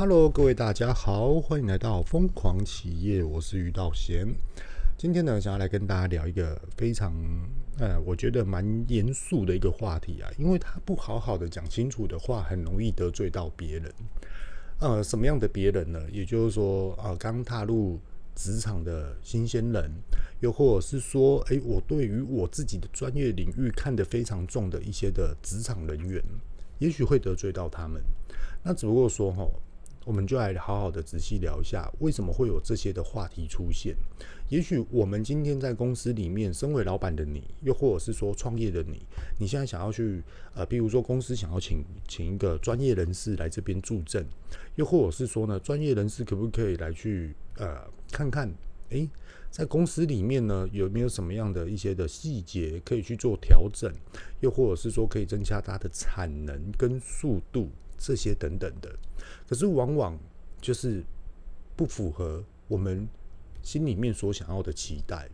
Hello，各位大家好，歡迎來到瘋狂啟業，我是於道賢。今天呢，想要來跟大家聊一個非常呃，我覺得蠻嚴肅的一個話題啊，因為他不好好的講清楚的話，很容易得罪到別人。呃，什麼樣的別人呢？也就是說，呃，剛踏入職場的新鮮人，又或者是說，哎，我對於我自己的專業領域看得非常重的一些的職場人員，也許會得罪到他們。那只不過說，哈。我們就來好好的仔細聊一下，為什麼會有這些的話題出現？也許我們今天在公司裡面，身為老板的你，又或者是說創業的你，你現在想要去呃，比如說公司想要請請一個專業人士來這邊助陣，又或者是說呢，專業人士可不可以來去呃看看，誒，在公司裡面呢有沒有什麼樣的一些的細節可以去做調整，又或者是說可以增加它的產能跟速度？這些等等的，可是往往就是不符合我們心裡面所想要的期待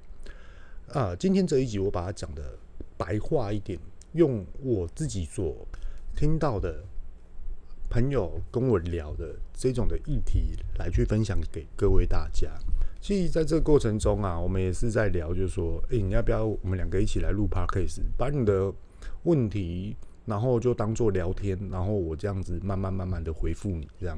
啊。今天這一集我把它講的白話一點，用我自己所聽到的朋友跟我聊的這種的議題來去分享給各位大家。其實在這個過程中啊，我們也是在聊，就是說，哎、欸，你要不要我們兩個一起來錄 Podcast，把你的問題。然後就當作聊天，然後我這樣子慢慢慢慢的回復你這樣。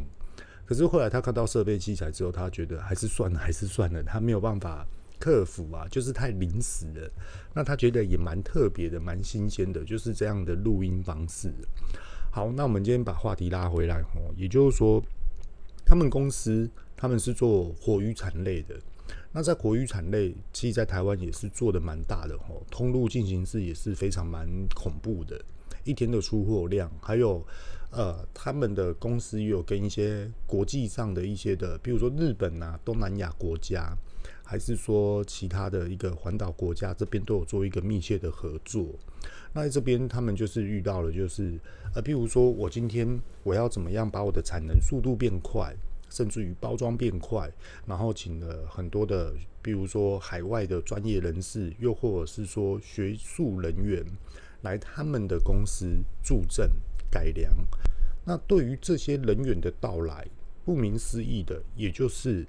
可是後來他看到設備器材之後，他覺得還是算了，還是算了，他沒有辦法克服啊，就是太臨時了。那他覺得也蠻特別的，蠻新鮮的，就是這樣的錄音方式。好，那我們今天把話題拉回來哦。也就是說，他們公司他們是做活魚產類的。那在活魚產類，其實在台灣也是做得蠻大的吼，通路進行式也是非常蠻恐怖的。一天的出貨量，還有，呃，他們的公司也有跟一些國際上的一些的，比如說日本啊、東南亞國家，還是說其他的一個環島國家這邊都有做一個密切的合作。那在這邊他們就是遇到了，就是，呃，比如說我今天我要怎麼樣把我的產能速度變快，甚至於包裝變快，然後請了很多的，比如說海外的專業人士，又或者是說學術人員。來他們的公司助陣、改良。那對於這些人員的到來，顧名思義的，也就是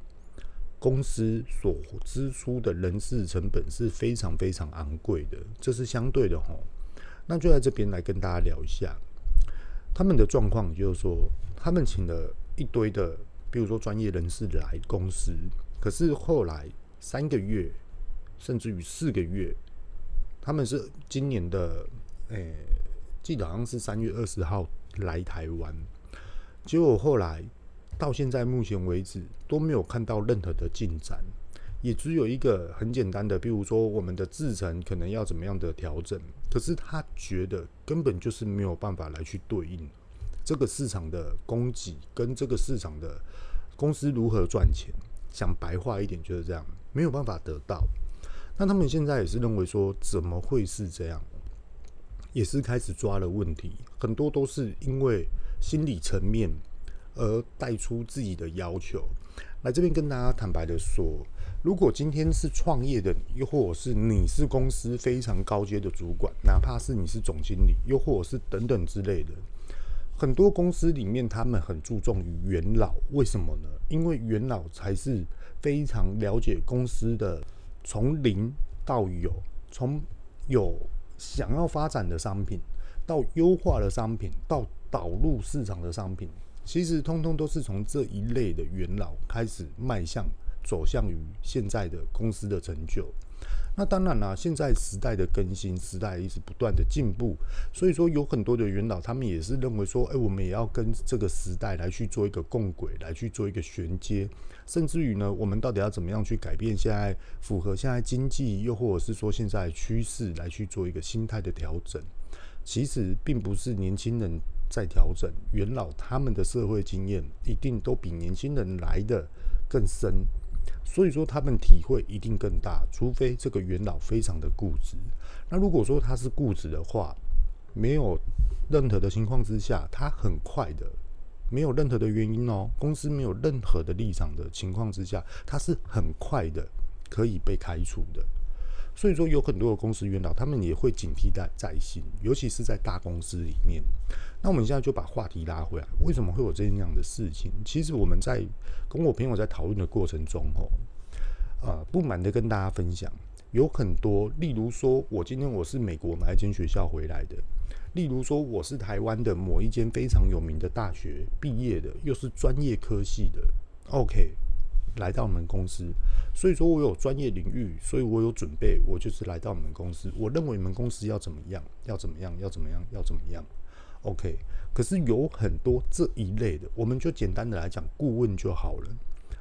公司所支出的人事成本是非常非常昂貴的。這是相對的吼，那就在這邊來跟大家聊一下他們的狀況，就是說他們請了一堆的，比如說專業人士來公司，可是後來三個月甚至於四個月，他們是今年的。誒、哎，記得好像是三月二十號來台灣，結果後來到現在目前為止都沒有看到任何的進展，也只有一個很簡單的，比如說我們的制程可能要怎麼樣的調整，可是他覺得根本就是沒有辦法來去對應這個市場的供給跟這個市場的公司如何賺錢，講白話一點就是這樣，沒有辦法得到。那他們現在也是認為說，怎麼會是這樣？也是開始抓了問題，很多都是因為心理層面而帶出自己的要求。來這邊跟大家坦白的說，如果今天是創業的你，又或者是你是公司非常高階的主管，哪怕是你是總經理，又或者是等等之類的，很多公司裡面他們很注重於元老，為什麼呢？因為元老才是非常了解公司的，從零到有，從有。想要發展的商品，到優化的商品，到導入市場的商品，其實通通都是從這一類的元老開始邁向，走向於現在的公司的成就。那當然啦、啊，現在時代的更新，時代一直不斷的進步，所以說有很多的元老，他們也是認為說，哎、欸，我們也要跟這個時代來去做一個共軌，來去做一個銜接，甚至於呢，我們到底要怎麼樣去改變現在符合現在經濟，又或者是說現在趨勢來去做一個心態的調整，其實並不是年輕人在調整，元老他們的社會經驗一定都比年輕人來得更深。所以說，他們體會一定更大，除非這個元老非常的固執。那如果說他是固執的話，沒有任何的情況之下，他很快的，沒有任何的原因哦，公司沒有任何的立場的情況之下，他是很快的可以被開除的。所以說有很多的公司元老，他們也會警惕在在心，尤其是在大公司裡面。那我們現在就把話題拉回來，為什麼會有這樣的事情？其實我們在跟我朋友在討論的過程中，吼、呃，呃不滿的跟大家分享，有很多，例如說，我今天我是美國某一間學校回來的，例如說我是台灣的某一間非常有名的大學畢業的，又是專業科系的，OK。來到我們公司，所以說我有專業領域，所以我有準備，我就是來到我們公司。我認為你們公司要怎麼樣，要怎麼樣，要怎麼樣，要怎麼樣，OK。可是有很多這一類的，我們就簡單的來講顧問就好了，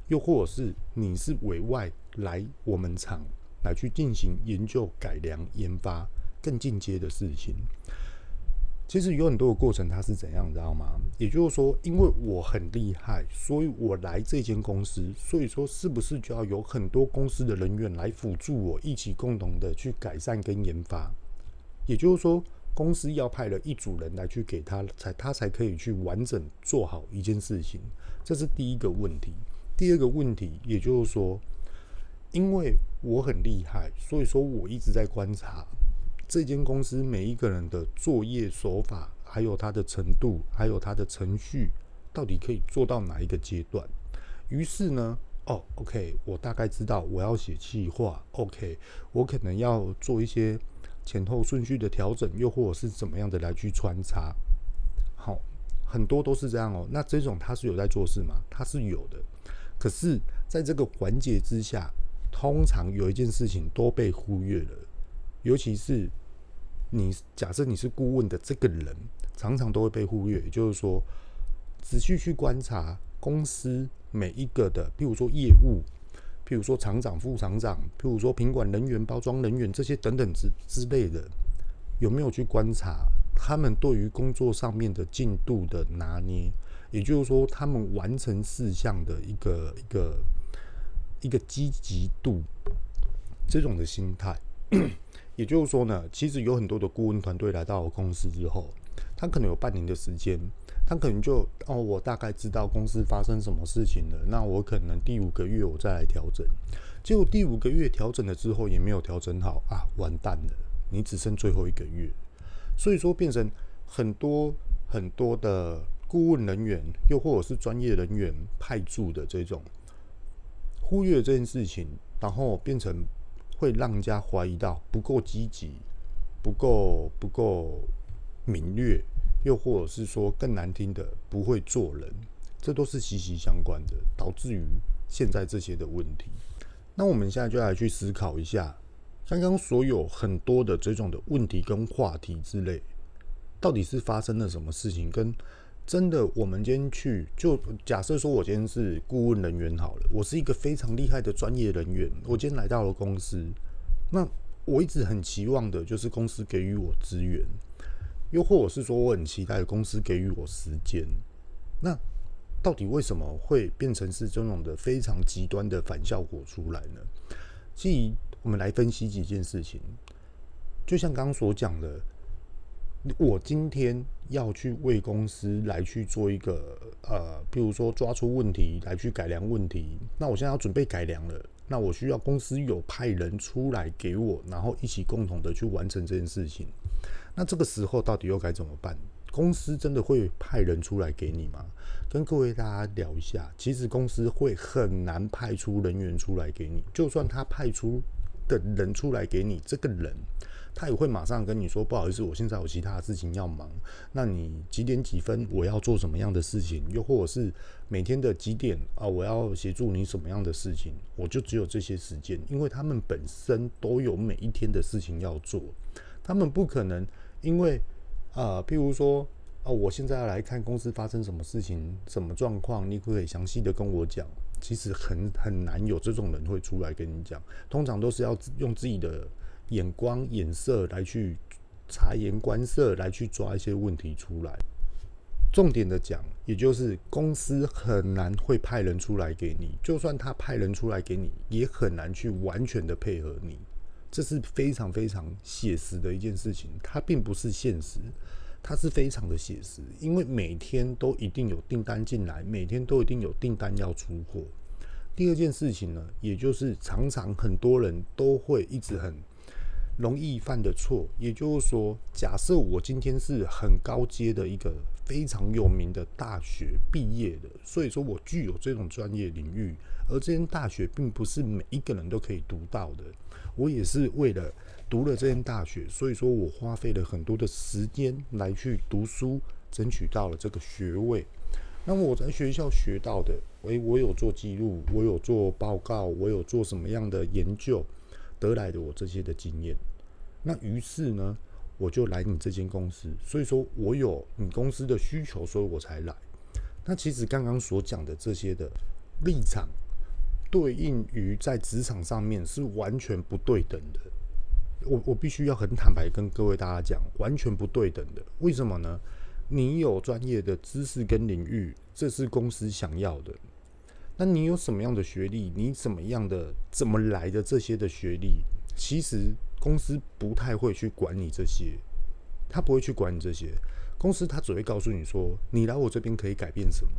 又或者是你是委外來我們廠來去進行研究、改良、研發更進階的事情。其實有很多的過程，它是怎樣，你知道嗎？也就是說，因為我很厲害，所以我來這間公司，所以說是不是就要有很多公司的人員來輔助我，一起共同的去改善跟研發？也就是說，公司要派了一組人來去給他，他才他才可以去完整做好一件事情。這是第一個問題。第二個問題，也就是說，因為我很厲害，所以說我一直在觀察。這間公司每一個人的作業手法，還有他的程度，還有他的程序，到底可以做到哪一個階段？於是呢，哦，OK，我大概知道我要寫企劃，OK，我可能要做一些前後順序的調整，又或者是怎麼樣的來去穿插。好、哦，很多都是這樣哦。那這種他是有在做事嗎？他是有的。可是在這個環節之下，通常有一件事情都被忽略了，尤其是。你假設你是顧問的這個人，常常都會被忽略。也就是說，仔細去觀察公司每一個的，譬如說業務，譬如說廠長、副廠長，譬如說品管人員、包裝人員這些等等之之類的，有沒有去觀察他們對於工作上面的進度的拿捏？也就是說，他們完成事項的一個一個一個積極度，這種的心態。 也就是說呢，其實有很多的顧問團隊來到公司之後，他可能有半年的時間，他可能就哦，我大概知道公司發生什麼事情了，那我可能第五個月我再來調整，結果第五個月調整了之後也沒有調整好啊，完蛋了，你只剩最後一個月，所以說變成很多很多的顧問人員，又或者是專業人員派駐的這種忽略這件事情，然後變成。會讓人家懷疑到不夠積極，不夠不夠敏銳，又或者是說更難聽的不會做人，這都是息息相關的，導致於現在這些的問題。那我們現在就來去思考一下，剛剛所有很多的這種的問題跟話題之類，到底是發生了什麼事情？跟真的，我們今天去，就假設說，我今天是顧問人員好了，我是一個非常厲害的專業人員，我今天來到了公司，那我一直很期望的就是公司給予我資源，又或者是說，我很期待公司給予我時間。那到底為什麼會變成是這種的非常極端的反效果出來呢？所以，我們來分析幾件事情，就像剛剛所講的。我今天要去為公司來去做一個呃，譬如說抓出問題來去改良問題，那我現在要準備改良了，那我需要公司有派人出來給我，然後一起共同的去完成這件事情。那這個時候到底又該怎麼辦？公司真的會派人出來給你嗎？跟各位大家聊一下，其實公司會很難派出人員出來給你，就算他派出的人出來給你，這個人。他也會馬上跟你說，不好意思，我現在有其他事情要忙。那你幾點幾分我要做什麼樣的事情？又或者是每天的幾點啊，我要協助你什麼樣的事情？我就只有這些時間，因為他們本身都有每一天的事情要做，他們不可能因為啊、呃，譬如說啊，我現在要來看公司發生什麼事情、什麼狀況，你可，可以詳細的跟我講。其實很很難有這種人會出來跟你講，通常都是要用自己的。眼光、眼色來去察言觀色，來去抓一些問題出來。重點的講，也就是公司很難會派人出來給你，就算他派人出來給你，也很難去完全的配合你。這是非常非常寫實的一件事情，它並不是現實，它是非常的寫實。因為每天都一定有訂單進來，每天都一定有訂單要出貨。第二件事情呢，也就是常常很多人都會一直很。容易犯的錯，也就是說，假設我今天是很高階的一個非常有名的大學畢業的，所以說我具有這種專業領域，而這間大學並不是每一個人都可以讀到的。我也是為了讀了這間大學，所以說我花費了很多的時間來去讀書，爭取到了這個學位。那麼我在學校學到的，哎，我有做記錄，我有做報告，我有做什麼樣的研究。得來的我這些的經驗，那於是呢，我就來你這間公司。所以說我有你公司的需求，所以我才來。那其實剛剛所講的這些的立場，對應於在職場上面是完全不對等的。我我必須要很坦白跟各位大家講，完全不對等的。為什麼呢？你有專業的知識跟領域，這是公司想要的。那你有什麼樣的學歷？你怎麼樣的怎麼來的這些的學歷？其實公司不太會去管你這些，他不會去管你這些。公司他只會告訴你說，你來我這邊可以改變什麼？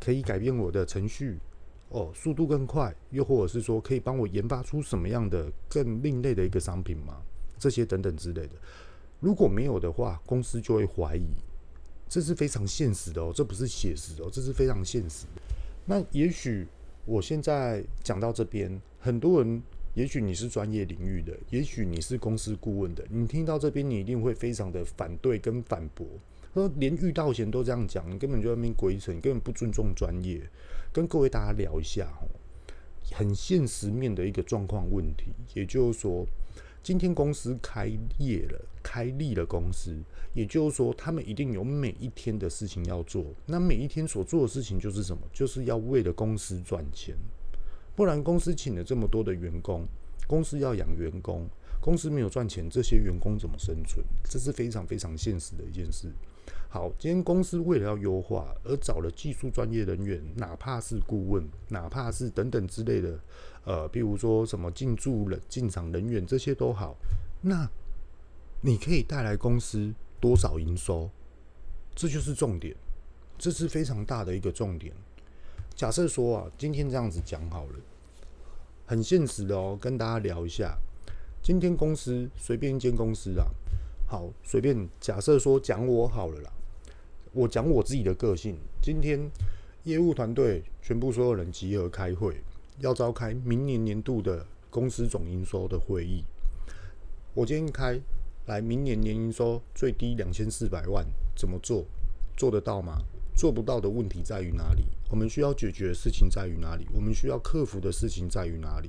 可以改變我的程序哦，速度更快，又或者是說可以幫我研發出什麼樣的更另類的一個商品嗎？這些等等之類的。如果沒有的話，公司就會懷疑，這是非常現實的哦，這不是寫實的哦，這是非常現實的。那也許我現在講到這邊，很多人，也許你是專業領域的，也許你是公司顧問的，你聽到這邊，你一定會非常的反對跟反駁，他說連遇到賢都這樣講，你根本就在那邊鬼扯，你根本不尊重專業。跟各位大家聊一下哦，很現實面的一個狀況問題，也就是說，今天公司開業了，開立了公司，也就是說，他們一定有每一天的事情要做。那每一天所做的事情就是什麼？就是要為了公司賺錢。不然，公司請了這麼多的員工，公司要養員工，公司沒有賺錢，這些員工怎麼生存？這是非常非常現實的一件事。好，今天公司為了要優化，而找了技術專業人員，哪怕是顧問，哪怕是等等之類的，呃，比如說什麼進駐了進場人員，這些都好，那你可以帶來公司多少營收？這就是重點，這是非常大的一個重點。假設說啊，今天這樣子講好了，很現實的哦、喔，跟大家聊一下。今天公司隨便一間公司啊，好，隨便假設說講我好了啦。我講我自己的個性。今天業務團隊全部所有人集合開會，要召開明年年度的公司總營收的會議。我今天開來，明年年營收最低兩千四百萬，怎麼做？做得到嗎？做不到的問題在於哪裡？我們需要解決的事情在於哪裡？我們需要克服的事情在於哪裡？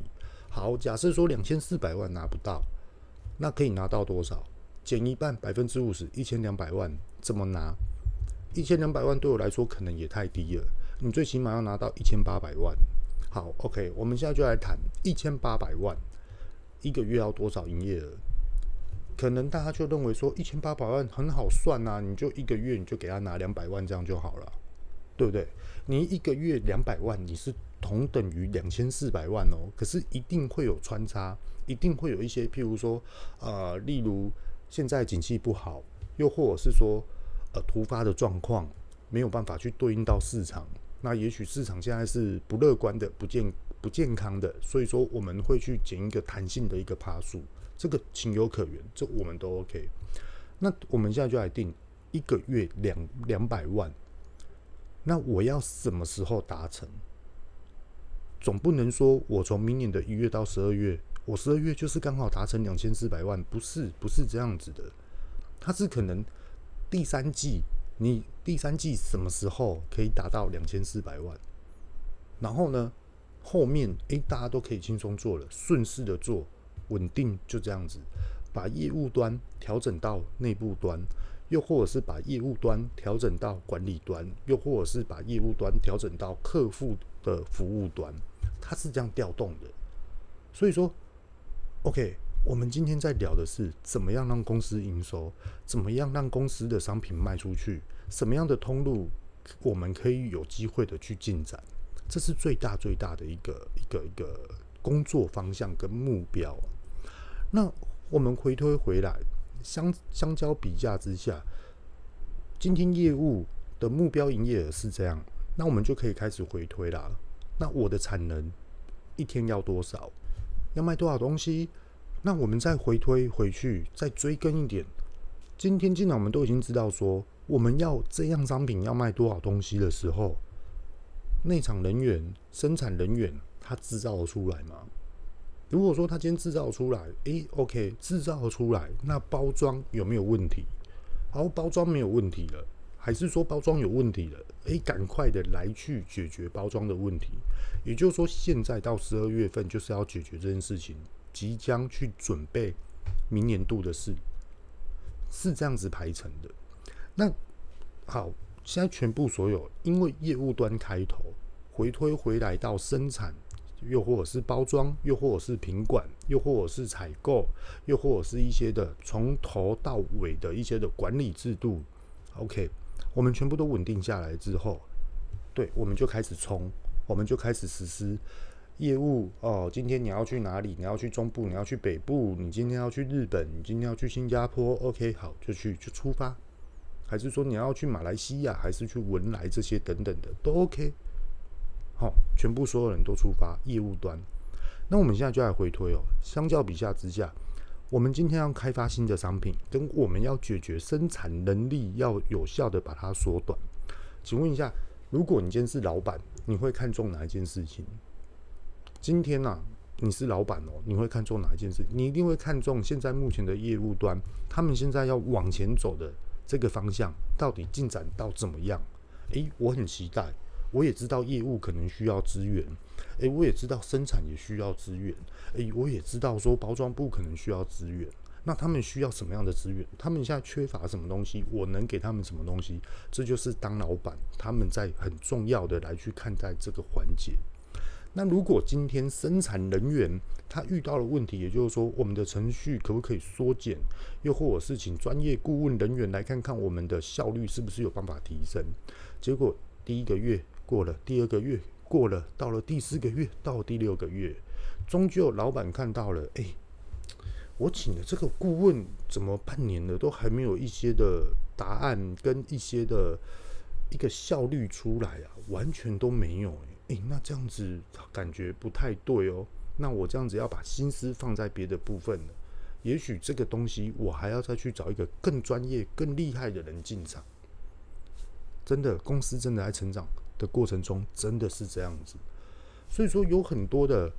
好，假設說兩千四百萬拿不到，那可以拿到多少？減一半，百分之五十，一千兩百萬，怎麼拿？一千兩百萬對我來說可能也太低了，你最起碼要拿到一千八百萬好。好，OK，我們現在就來談一千八百萬一個月要多少營業額？可能大家就認為說一千八百萬很好算啊，你就一個月你就給他拿兩百萬這樣就好了，對不對？你一個月兩百萬，你是同等於兩千四百萬哦、喔。可是一定會有穿插，一定會有一些譬如說，呃，例如現在景氣不好，又或者是說。呃，突發的狀況沒有辦法去對應到市場，那也許市場現在是不樂觀的、不健不健康的，所以說我們會去撿一個彈性的一個趴數，這個情有可原，這我們都 OK。那我們現在就來定一個月兩兩百萬，那我要什麼時候達成？總不能說我從明年的一月到十二月，我十二月就是剛好達成兩千四百萬，不是不是這樣子的，它是可能。第三季，你第三季什麼時候可以達到兩千四百萬？然後呢，後面誒、欸，大家都可以輕鬆做了，順勢的做，穩定就這樣子，把業務端調整到內部端，又或者是把業務端調整到管理端，又或者是把業務端調整到客戶的服務端，它是這樣調動的。所以說，OK。我們今天在聊的是怎麼樣讓公司營收，怎麼樣讓公司的商品賣出去，什麼樣的通路我們可以有機會的去進展，這是最大最大的一個一個一個工作方向跟目標。那我們回推回來，相相交比價之下，今天業務的目標營業額是這樣，那我們就可以開始回推啦。那我的產能一天要多少？要賣多少東西？那我們再回推回去，再追根一點。今天，既然我們都已經知道說我們要這樣商品要賣多少東西的時候，內場人員、生產人員他製造的出來嗎？如果說他今天製造出來，誒，OK，製造出來，那包裝有沒有問題？好，包裝沒有問題了，還是說包裝有問題了？誒、欸，趕快的來去解決包裝的問題。也就是說，現在到十二月份就是要解決這件事情。即將去準備明年度的事，是這樣子排成的。那好，現在全部所有，因為業務端開頭回推回來到生產，又或者是包裝，又或者是品管，又或者是採購，又或者是一些的從頭到尾的一些的管理制度。OK，我們全部都穩定下來之後，對，我們就開始衝，我們就開始實施。業務哦，今天你要去哪裡？你要去中部，你要去北部，你今天要去日本，你今天要去新加坡，OK，好，就去就出發。還是說你要去馬來西亞，還是去文萊這些等等的，都 OK。好、哦，全部所有人都出發業務端。那我們現在就來回推哦。相較比下之下，我們今天要開發新的商品，跟我們要解決生產能力要有效的把它縮短。請問一下，如果你今天是老板，你會看重哪一件事情？今天吶、啊，你是老闆哦，你會看中哪一件事？你一定會看中現在目前的業務端，他們現在要往前走的這個方向到底進展到怎麼樣？誒，我很期待。我也知道業務可能需要資源，誒，我也知道生產也需要資源，誒，我也知道說包裝部可能需要資源。那他們需要什麼樣的資源？他們現在缺乏什麼東西？我能給他們什麼東西？這就是當老闆他們在很重要的來去看待這個環節。那如果今天生產人員他遇到了問題，也就是說，我們的程序可不可以縮減？又或者是請專業顧問人員來看看我們的效率是不是有辦法提升？結果第一個月過了，第二個月過了，到了第四個月，到第六個月，終究老闆看到了，哎，我請的這個顧問怎麼半年了都還沒有一些的答案跟一些的一個效率出來啊，完全都沒有。欸，那這樣子感覺不太對哦。那我這樣子要把心思放在別的部分了。也許這個東西我還要再去找一個更專業、更厲害的人進場。真的，公司真的在成長的過程中，真的是這樣子。所以說，有很多的，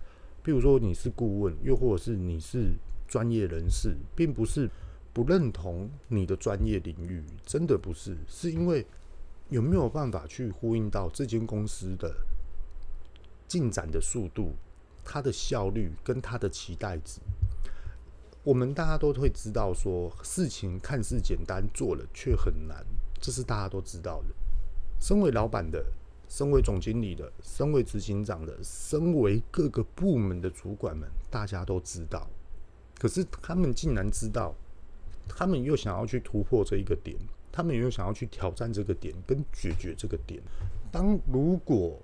比如說你是顧問，又或者是你是專業人士，並不是不認同你的專業領域，真的不是，是因為有沒有辦法去呼應到這間公司的？進展的速度、它的效率跟它的期待值，我們大家都會知道說，說事情看似簡單，做了卻很難，這是大家都知道的。身為老板的、身為總經理的、身為執行長的、身為各個部門的主管們，大家都知道。可是他們竟然知道，他們又想要去突破這一個點，他們又想要去挑戰這個點，跟解決這個點。當如果。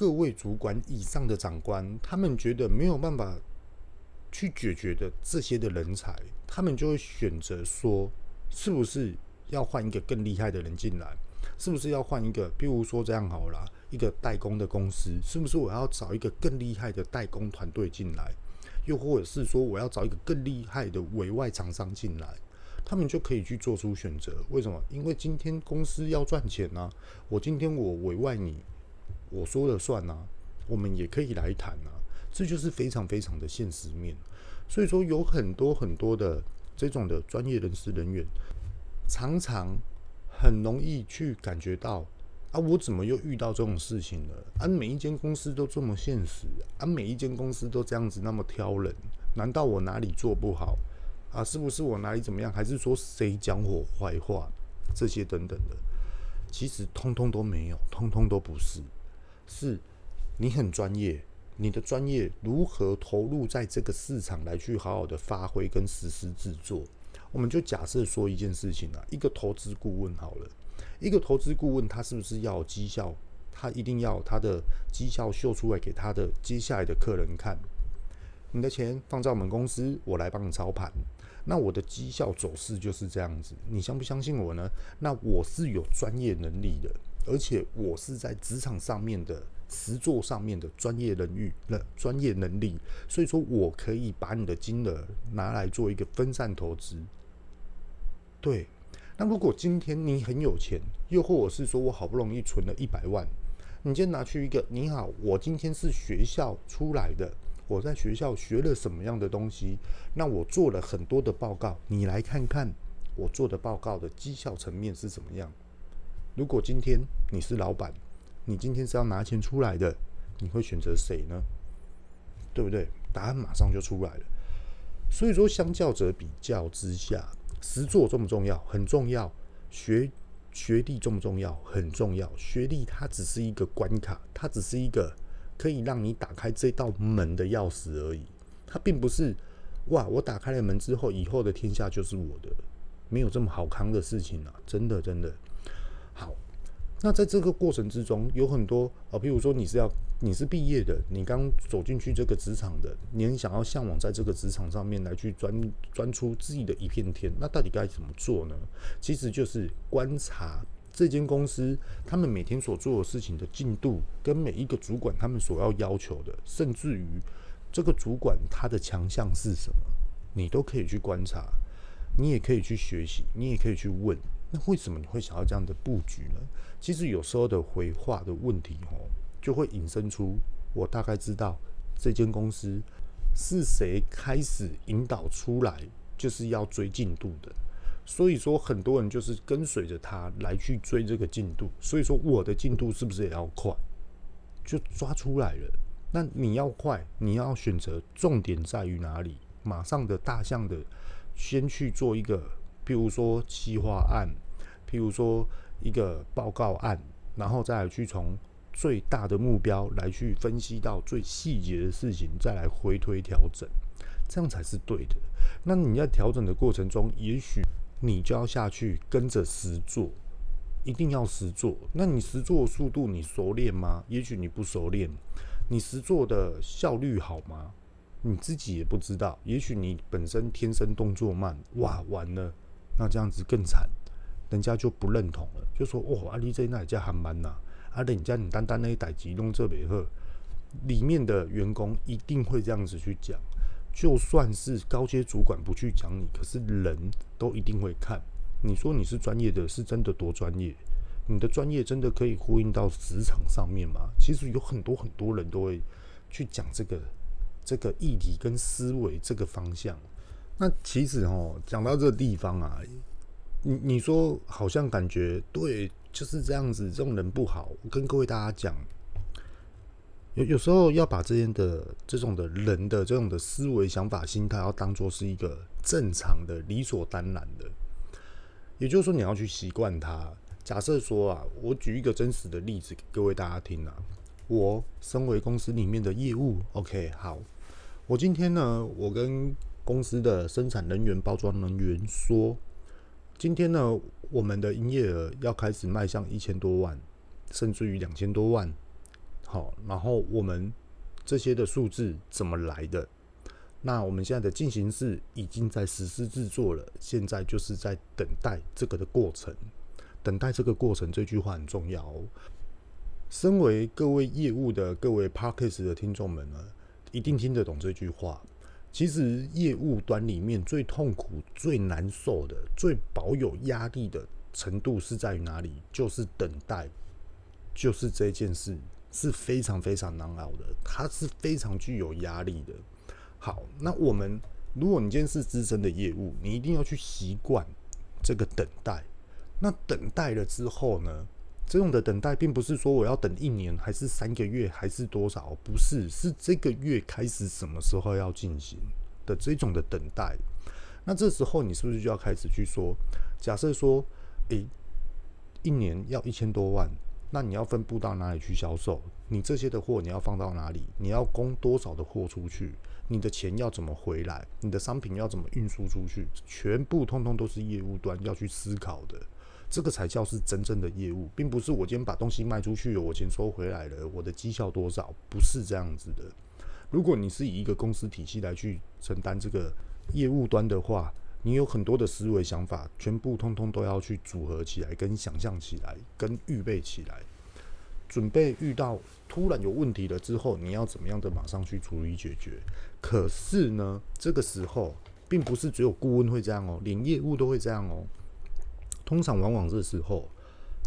各位主管以上的長官，他們覺得沒有辦法去解決的這些的人才，他們就會選擇說：是不是要換一個更厲害的人進來？是不是要換一個，比如說這樣好了，一個代工的公司，是不是我要找一個更厲害的代工團隊進來？又或者是說，我要找一個更厲害的委外廠商進來？他們就可以去做出選擇。為什麼？因為今天公司要賺錢呢、啊。我今天我委外你。我說了算吶、啊，我們也可以來談吶、啊，這就是非常非常的現實面。所以說，有很多很多的這種的專業人士人員，常常很容易去感覺到啊，我怎麼又遇到這種事情了？啊，每一間公司都這麼現實啊，每一間公司都這樣子那麼挑人，難道我哪裡做不好啊？是不是我哪裡怎麼樣？還是說誰講我壞話？這些等等的，其實通通都沒有，通通都不是。是，你很專業，你的專業如何投入在這個市場來去好好的發揮跟實施製作？我們就假設說一件事情啊，一個投資顧問好了，一個投資顧問他是不是要績效？他一定要他的績效秀出來給他的接下來的客人看。你的錢放在我們公司，我來幫你操盤，那我的績效走勢就是這樣子，你相不相信我呢？那我是有專業能力的。而且我是在職場上面的實作上面的專業能力，那專業能力，所以說我可以把你的金額拿來做一個分散投資。對，那如果今天你很有錢，又或者是說我好不容易存了一百萬，你先拿去一個。你好，我今天是學校出來的，我在學校學了什麼樣的東西？那我做了很多的報告，你來看看我做的報告的績效層面是怎麼樣。如果今天你是老闆，你今天是要拿錢出來的，你會選擇誰呢？對不對？答案馬上就出來了。所以說，相較者比較之下，實做重不重要？很重要。學學歷重不重要？很重要。學歷它只是一個關卡，它只是一個可以讓你打開這道門的鑰匙而已。它並不是哇，我打開了門之後，以後的天下就是我的，沒有這麼好康的事情啊！真的，真的。好，那在這個過程之中，有很多啊，譬如說你是要，你是畢業的，你剛走進去這個職場的，你很想要向往在這個職場上面來去鑽鑽出自己的一片天，那到底該怎麼做呢？其實就是觀察這間公司他們每天所做的事情的進度，跟每一個主管他們所要要求的，甚至於這個主管他的強項是什麼，你都可以去觀察，你也可以去學習，你也可以去問。那為什麼你會想要這樣的布局呢？其實有時候的回話的問題齁，就會引申出，我大概知道這間公司是誰開始引導出來，就是要追進度的。所以說，很多人就是跟隨着他來去追這個進度。所以說，我的進度是不是也要快？就抓出來了。那你要快，你要選擇重點在於哪裡？馬上的大象的，先去做一個。譬如說計劃案，譬如說一個報告案，然後再來去從最大的目標來去分析到最細節的事情，再來回推調整，這樣才是對的。那你在調整的過程中，也許你就要下去跟着實做，一定要實做。那你實做的速度你熟練嗎？也許你不熟練，你實做的效率好嗎？你自己也不知道。也許你本身天生動作慢，哇，完了。那這樣子更慘，人家就不認同了，就說：“哦，阿、啊、麗這那一、啊啊、家還蠻吶，阿里你家你單單那一代集中這邊鶴裡面的員工一定會這樣子去講。就算是高階主管不去講你，可是人都一定會看。你說你是專業的，是真的多專業？你的專業真的可以呼應到職場上面嗎？其實有很多很多人都會去講這個這個議題跟思維這個方向。”那其實哦、喔，講到這個地方啊，你你說好像感覺對就是這樣子，這種人不好。我跟各位大家講，有有時候要把這樣的這種的人的這種的思維、想法、心態，要當做是一個正常的、理所當然的。也就是說，你要去習慣他。假設說啊，我舉一個真實的例子給各位大家聽啊。我身為公司裡面的業務，OK，好，我今天呢，我跟公司的生產人員，包裝人員說：“今天呢，我們的營業額要開始邁向一千多萬，甚至於兩千多萬。好，然後我們這些的數字怎麼來的？那我們現在的進行式已經在實施制作了，現在就是在等待這個的過程。等待這個過程，這句話很重要哦。身為各位業務的、各位 Podcast 的聽眾們呢，一定聽得懂這句話。”其實業務端裡面最痛苦、最難受的、最保有壓力的程度是在於哪裡？就是等待。就是這件事是非常非常難熬的，它是非常具有壓力的。好，那我們如果你今天是資深的業務，你一定要去習慣這個等待。那等待了之後呢？這種的等待，並不是說我要等一年，還是三個月，還是多少？不是，是這個月開始什麼時候要進行的這種的等待。那這時候你是不是就要開始去說？假設說，誒，一年要一千多萬，那你要分布到哪裡去銷售？你這些的貨你要放到哪裡？你要供多少的貨出去？你的錢要怎麼回來？你的商品要怎麼運輸出去？全部通通都是業務端要去思考的。這個才叫是真正的業務，並不是我今天把東西賣出去，我錢收回來了，我的績效多少？不是這樣子的。如果你是以一個公司體系來去承擔這個業務端的話，你有很多的思維想法，全部通通都要去組合起來，跟想象起來，跟預備起來，準備遇到突然有問題了之後，你要怎麼樣的馬上去處理解決？可是呢，這個時候並不是只有顧問會這樣哦，連業務都會這樣哦。通常往往這時候，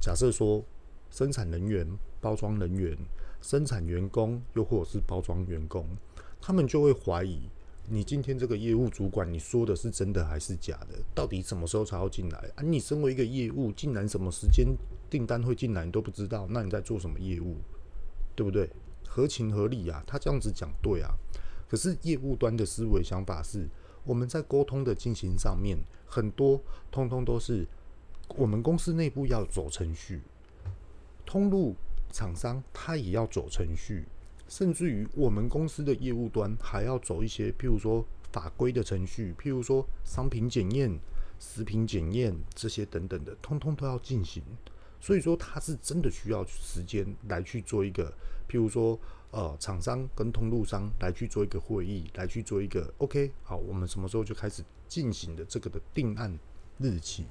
假設說生產人員、包裝人員、生產員工，又或者是包裝員工，他們就會懷疑你今天這個業務主管你說的是真的還是假的？到底什麼時候才要進來？啊，你身為一個業務，竟然什麼時間訂單會進來你都不知道，那你在做什麼業務？對不對？合情合理啊，他這樣子講對啊。可是業務端的思維想法是，我們在溝通的進行上面，很多通通都是。我們公司內部要走程序，通路廠商他也要走程序，甚至於我們公司的業務端還要走一些，譬如說法規的程序，譬如說商品檢驗、食品檢驗這些等等的，通通都要進行。所以說，他是真的需要時間來去做一個，譬如說呃，廠商跟通路商來去做一個會議，來去做一個 OK，好，我們什麼時候就開始進行的這個的定案日期。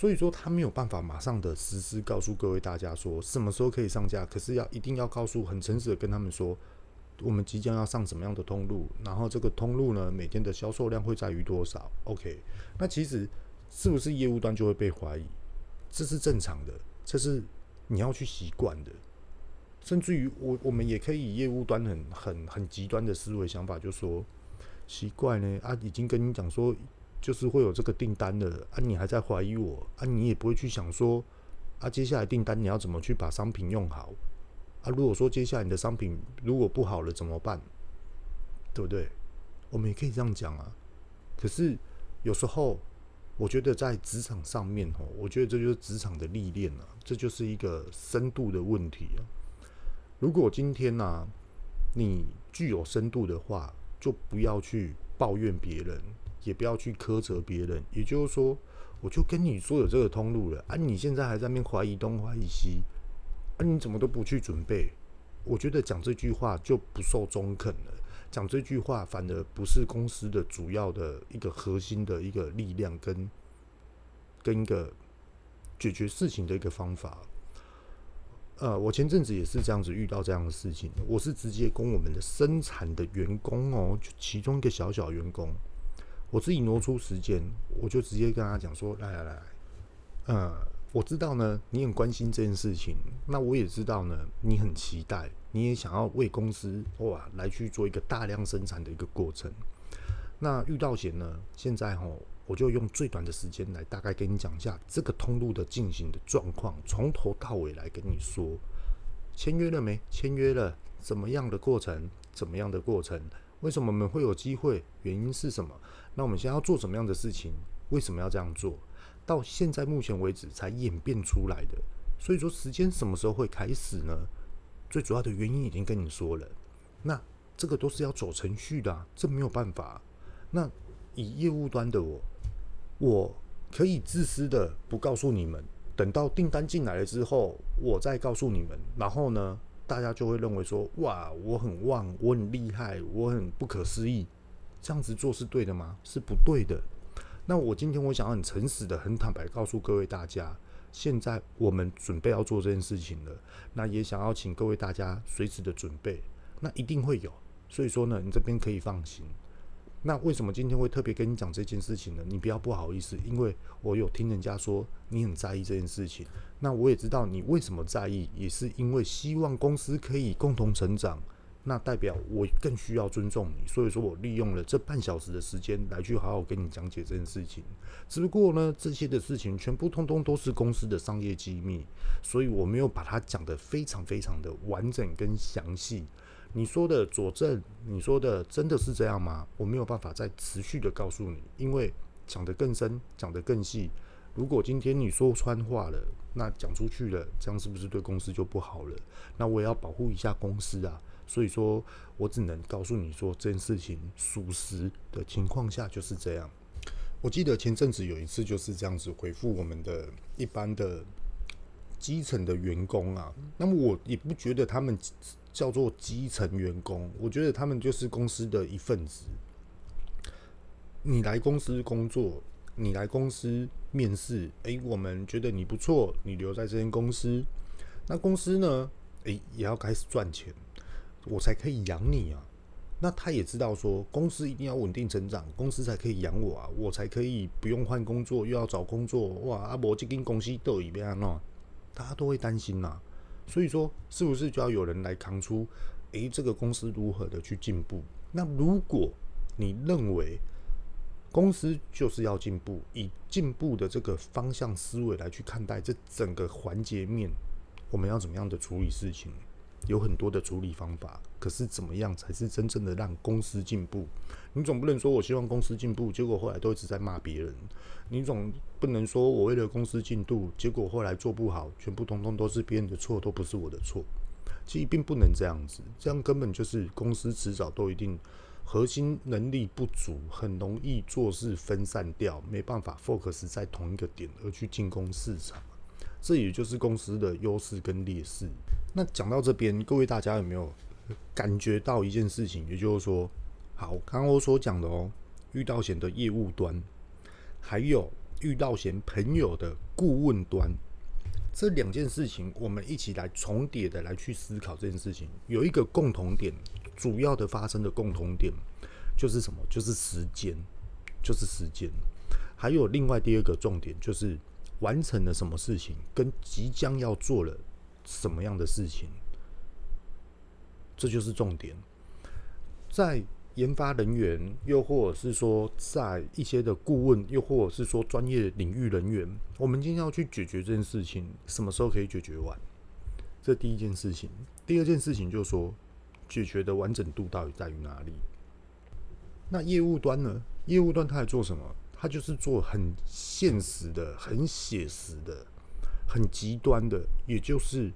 所以說，他沒有辦法馬上的實施，告訴各位大家說什麼時候可以上架，可是要一定要告訴很誠實的跟他們說，我們即將要上什麼樣的通路，然後這個通路呢，每天的銷售量會在於多少？OK？那其實是不是業務端就會被懷疑？這是正常的，這是你要去習慣的。甚至於，我我們也可以以業務端很很很極端的思維想法，就說習慣呢啊，已經跟你講說。就是會有這個訂單的啊，你還在懷疑我啊？你也不會去想說啊，接下來訂單你要怎麼去把商品用好啊？如果說接下來你的商品如果不好了怎麼辦？對不對？我們也可以這樣講啊。可是有時候，我覺得在職場上面吼，我覺得這就是職場的歷練了，這就是一個深度的問題啊。如果今天吶、啊，你具有深度的話，就不要去抱怨別人。也不要去苛責別人，也就是說，我就跟你說有這個通路了啊！你現在還在那邊懷疑東懷疑西啊？你怎麼都不去準備？我覺得講這句話就不受中肯了，講這句話反而不是公司的主要的一個核心的一個力量跟跟一個解決事情的一個方法。呃，我前陣子也是這樣子遇到這樣的事情，我是直接跟我們的生產的員工哦，就其中一個小小員工。我自己挪出時間，我就直接跟他講說：“來來來，呃，我知道呢，你很關心這件事情，那我也知道呢，你很期待，你也想要為公司，哇來去做一個大量生產的一個過程。那遇到險呢？現在吼，我就用最短的時間來大概跟你講一下這個通路的進行的狀況，從頭到尾來跟你說，簽約了沒？簽約了，怎麼樣的過程？怎麼樣的過程？為什麼我們會有機會？原因是什麼？”那我們現在要做什麼樣的事情？為什麼要這樣做？到現在目前為止才演變出來的，所以說時間什麼時候會開始呢？最主要的原因已經跟你說了，那這個都是要走程序的啊，這沒有辦法啊。那以業務端的我，我可以自私的不告訴你們，等到訂單進來了之後，我再告訴你們。然後呢，大家就會認為說：哇，我很旺，我很厲害，我很不可思議。這樣子做是對的嗎？是不對的。那我今天我想要很誠實的、很坦白告訴各位大家，現在我們準備要做這件事情了。那也想要請各位大家隨時的準備。那一定會有，所以說呢，你這邊可以放心。那為什麼今天會特別跟你講這件事情呢？你不要不好意思，因為我有聽人家說你很在意這件事情。那我也知道你為什麼在意，也是因為希望公司可以共同成長。那代表我更需要尊重你，所以說我利用了這半小時的時間來去好好跟你講解這件事情。只不過呢，這些的事情全部通通都是公司的商業機密，所以我沒有把它講得非常非常的完整跟詳細。你說的佐證，你說的真的是這樣嗎？我沒有辦法再持續的告訴你，因為講得更深，講得更細。如果今天你說穿話了，那講出去了，這樣是不是對公司就不好了？那我也要保護一下公司啊。所以說我只能告訴你說，這件事情屬實的情況下就是這樣。我記得前陣子有一次就是這樣子回復我們的一般的基層的員工啊。那麼我也不覺得他們叫做基層員工，我覺得他們就是公司的一份子。你來公司工作，你來公司面試，哎，我們覺得你不錯，你留在這間公司，那公司呢，哎，也要開始賺錢。我才可以養你啊，那他也知道說公司一定要穩定成長，公司才可以養我啊，我才可以不用換工作又要找工作哇！阿伯就跟公司鬥一邊啊，喏，大家都會擔心吶、啊。所以說，是不是就要有人來扛出？誒、欸？這個公司如何的去進步？那如果你認為公司就是要進步，以進步的這個方向思維來去看待這整個環節面，我們要怎麼樣的處理事情？有很多的處理方法，可是怎麼樣才是真正的讓公司進步？你總不能說我希望公司進步，結果後來都一直在罵別人。你總不能說我為了公司進度，結果後來做不好，全部通通都是別人的錯，都不是我的錯。其實並不能這樣子，這樣根本就是公司遲早都一定核心能力不足，很容易做事分散掉，沒辦法 focus 在同一個點而去進攻市場。這也就是公司的優勢跟劣勢。那講到這邊，各位大家有沒有感覺到一件事情？也就是說，好，剛剛我所講的哦，遇到險的業務端，還有遇到險朋友的顧問端，這兩件事情，我們一起來重疊的來去思考這件事情，有一個共同點，主要的發生的共同點就是什麼？就是時間，就是時間。還有另外第二個重點就是。完成了什麼事情，跟即將要做了什麼樣的事情，這就是重點。在研發人員，又或者是說，在一些的顧問，又或者是說專業領域人員，我們今天要去解決這件事情，什麼時候可以解決完？這第一件事情。第二件事情就是說，解決的完整度到底在於哪裡？那業務端呢？業務端它在做什麼？他就是做很現實的、很寫實的、很極端的，也就是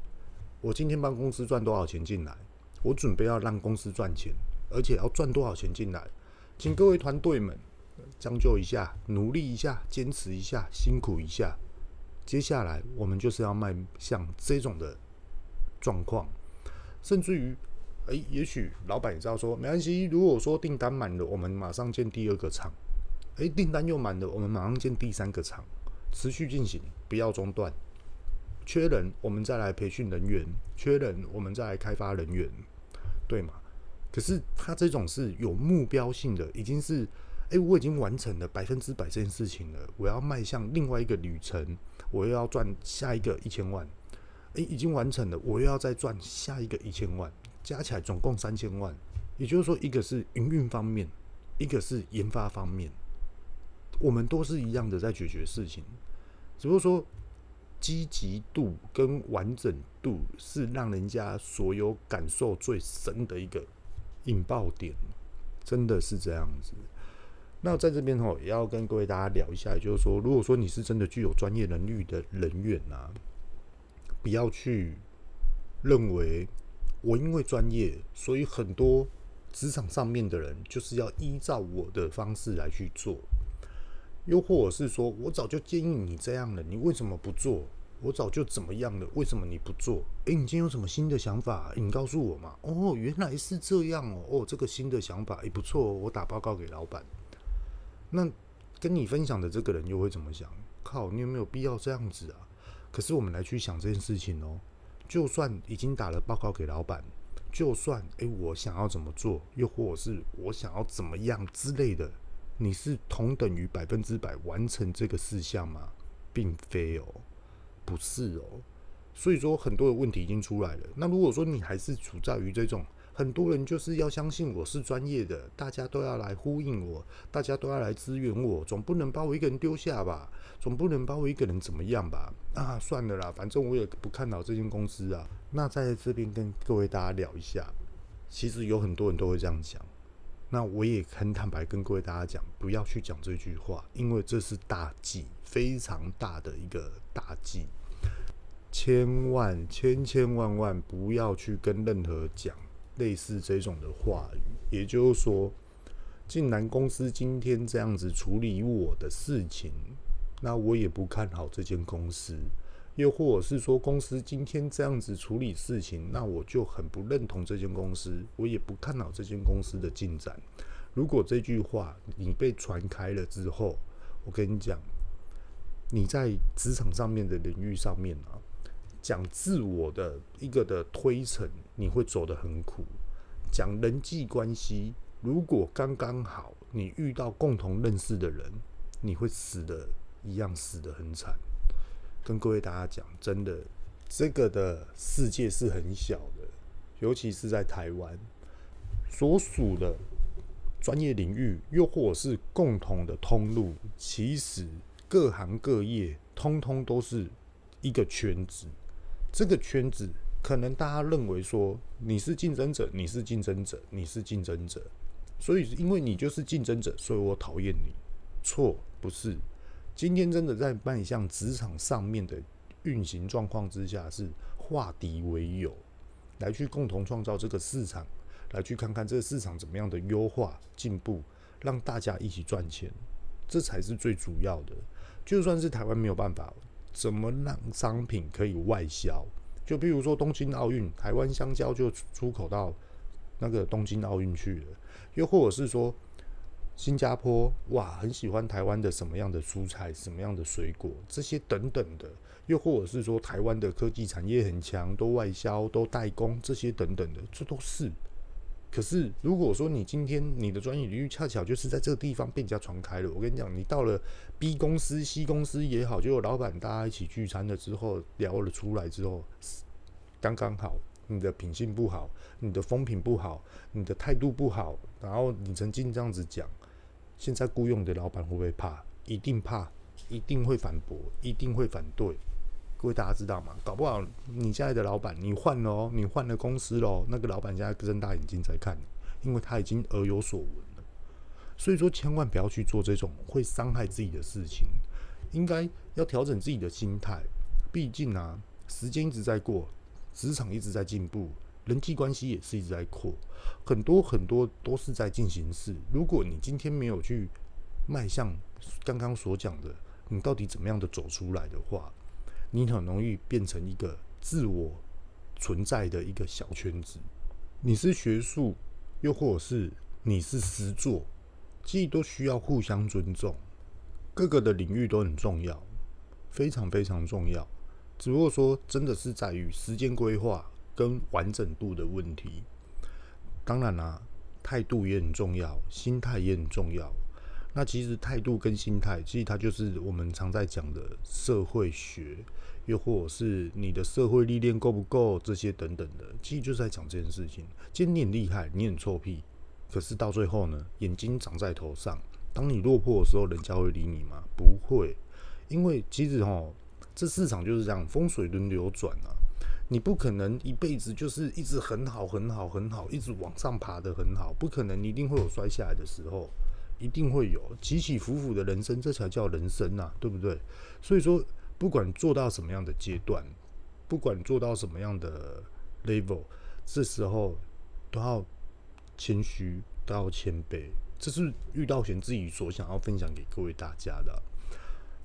我今天幫公司賺多少錢進來，我準備要讓公司賺錢，而且要賺多少錢進來，請各位團隊們將就一下、努力一下、堅持一下、辛苦一下。接下來我們就是要邁向這種的狀況，甚至於，誒、欸，也許老闆也知道說沒關係，如果說訂單滿了，我們馬上建第二個廠。誒，訂單又滿了，我們馬上建第三個廠，持續進行，不要中斷。缺人，我們再來培訓人員；缺人，我們再來開發人員，對嗎？可是他這種是有目標性的，已經是誒，我已經完成了百分之百這件事情了。我要邁向另外一個旅程，我又要賺下一個一千萬。誒，已經完成了，我又要再賺下一個一千萬，加起來總共三千萬。也就是說，一個是營運方面，一個是研發方面。我們都是一樣的在解決事情，只不過說積極度跟完整度是讓人家所有感受最深的一個引爆點，真的是這樣子。那在這邊吼，也要跟各位大家聊一下，就是說，如果說你是真的具有專業能力的人員吶、啊，不要去認為我因為專業，所以很多職場上面的人就是要依照我的方式來去做。又或者是說，我早就建議你這樣了，你為什麼不做？我早就怎麼樣了，為什麼你不做？誒、欸，你今天有什麼新的想法啊？欸，你告訴我嘛。哦，原來是這樣哦。哦，這個新的想法，哎、欸，不錯哦。我打報告給老闆。那跟你分享的這個人又會怎麼想？靠，你有沒有必要這樣子啊？可是我們來去想這件事情哦。就算已經打了報告給老闆，就算誒、欸，我想要怎麼做，又或者是我想要怎麼樣之類的。你是同等於百分之百完成這個事項嗎？並非哦，不是哦，所以說很多的問題已經出來了。那如果說你還是處在於這種，很多人就是要相信我是專業的，大家都要來呼應我，大家都要來支援我，總不能把我一個人丟下吧？總不能把我一個人怎麼樣吧？啊，算了啦，反正我也不看好這間公司啊。那在這邊跟各位大家聊一下，其實有很多人都會這樣想。那我也很坦白跟各位大家講，不要去講這句話，因為這是大忌，非常大的一個大忌，千萬千千萬萬不要去跟任何講類似這種的話語。也就是說，既然公司今天這樣子處理我的事情，那我也不看好這間公司。又或者是說，公司今天這樣子處理事情，那我就很不認同這間公司，我也不看好這間公司的進展。如果這句話你被傳開了之後，我跟你講，你在職場上面的領域上面啊，講自我的一個的推陳，你會走得很苦；講人際關係，如果剛剛好你遇到共同認識的人，你會死得一樣死得很慘。跟各位大家講，真的，這個的世界是很小的，尤其是在台灣所屬的專業領域，又或是共同的通路，其實各行各業通通都是一個圈子。這個圈子可能大家認為說你是競爭者，你是競爭者，你是競爭者，所以因為你就是競爭者，所以我討厭你，錯，不是。今天真的在邁向職場上面的運行狀況之下，是化敵為友，來去共同創造這個市場，來去看看這個市場怎麼樣的優化進步，讓大家一起賺錢，這才是最主要的。就算是台灣沒有辦法，怎麼讓商品可以外銷？就比如說東京奧運，台灣香蕉就出口到那個東京奧運去了，又或者是說……新加坡哇，很喜歡台灣的什麼樣的蔬菜、什麼樣的水果這些等等的，又或者是說台灣的科技產業很強，都外銷、都代工這些等等的，這都是。可是如果說你今天你的專業領域恰巧就是在這個地方被人家傳開了，我跟你講，你到了 B 公司、C 公司也好，就有老板大家一起聚餐了之後聊了出來之後，剛剛好你的品性不好，你的風評不好，你的態度不好，然後你曾經這樣子講。現在僱傭的老闆會不會怕？一定怕，一定會反駁，一定會反對。各位大家知道嗎？搞不好你家裡的老闆，你換了哦，你換了公司嘍，那個老闆現在睜大眼睛在看你，因為他已經耳有所聞了。所以說，千萬不要去做這種會傷害自己的事情，應該要調整自己的心態。畢竟啊，時間一直在過，職場一直在進步。人際關係也是一直在擴，很多很多都是在進行式。如果你今天沒有去邁向剛剛所講的，你到底怎麼樣的走出來的話，你很容易變成一個自我存在的一個小圈子。你是學術，又或者是你是實作，既都需要互相尊重，各個的領域都很重要，非常非常重要。只不過說，真的是在於時間規劃跟完整度的問題，當然啦、啊，態度也很重要，心態也很重要。那其實態度跟心態，其實它就是我們常在講的社會學，又或者是你的社會歷練夠不夠，這些等等的，其實就是在講這件事情。今天你很厲害，你很臭屁，可是到最後呢，眼睛長在頭上，當你落魄的時候，人家會理你嗎？不會，因為其實哦，這市場就是這樣，風水輪流轉啊。你不可能一輩子就是一直很好、很好、很好，一直往上爬得很好，不可能，你一定會有摔下來的時候，一定會有起起伏伏的人生，這才叫人生吶、啊，對不對？所以說，不管做到什麼樣的階段，不管做到什麼樣的 level，這時候都要謙虛，都要謙卑，這是遇到賢自己所想要分享給各位大家的。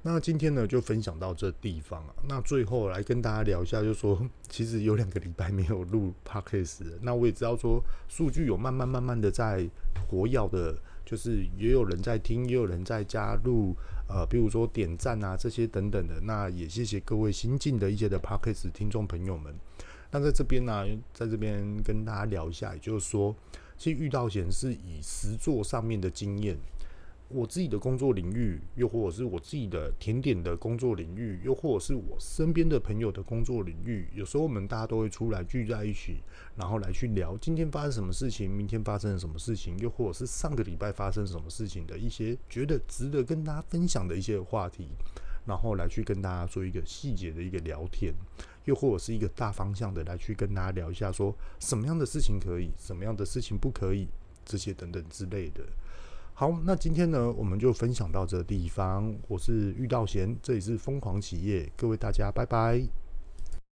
那今天呢，就分享到這地方啊。那最後來跟大家聊一下就是，就說其實有兩個禮拜沒有錄 Podcast，那我也知道說數據有慢慢慢慢的在活躍的，就是也有人在聽，也有人在加入，呃，比如說點讚啊這些等等的。那也謝謝各位新進的一些的 Podcast 聽眾朋友們。那在這邊呢、啊，在這邊跟大家聊一下，也就是說，其實遇到顯示以實作上面的經驗。我自己的工作領域，又或者是我自己的甜點的工作領域，又或者是我身邊的朋友的工作領域，有時候我們大家都會出來聚在一起，然後來去聊今天發生什麼事情，明天發生了什麼事情，又或者是上個禮拜發生什麼事情的一些覺得值得跟大家分享的一些話題，然後來去跟大家做一個細節的一個聊天，又或者是一個大方向的來去跟大家聊一下說，說什麼樣的事情可以，什麼樣的事情不可以，這些等等之類的。好，那今天呢，我們就分享到這地方。我是玉道賢，這裡是瘋狂啟業，各位大家，拜拜。